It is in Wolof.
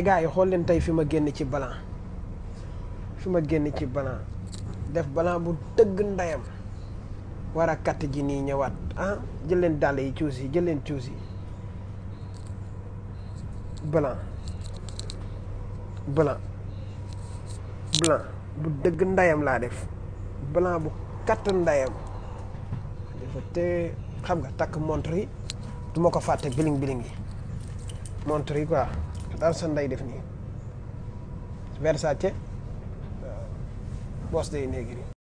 mais yi xool leen tey fi ma génn ci balan fi ma génn ci balan def balan bu dëgg ndeyam war a katt ji nii ñëwaat ah jël leen dàll yi cuus yi jël leen cuus yi balan balan bu dëgg ndeyam laa def balan bu katt ndeyam te xam nga takk montre duma ko fàtte biling biling yi montre yi arsan lay def nii versace waaw bos day néegi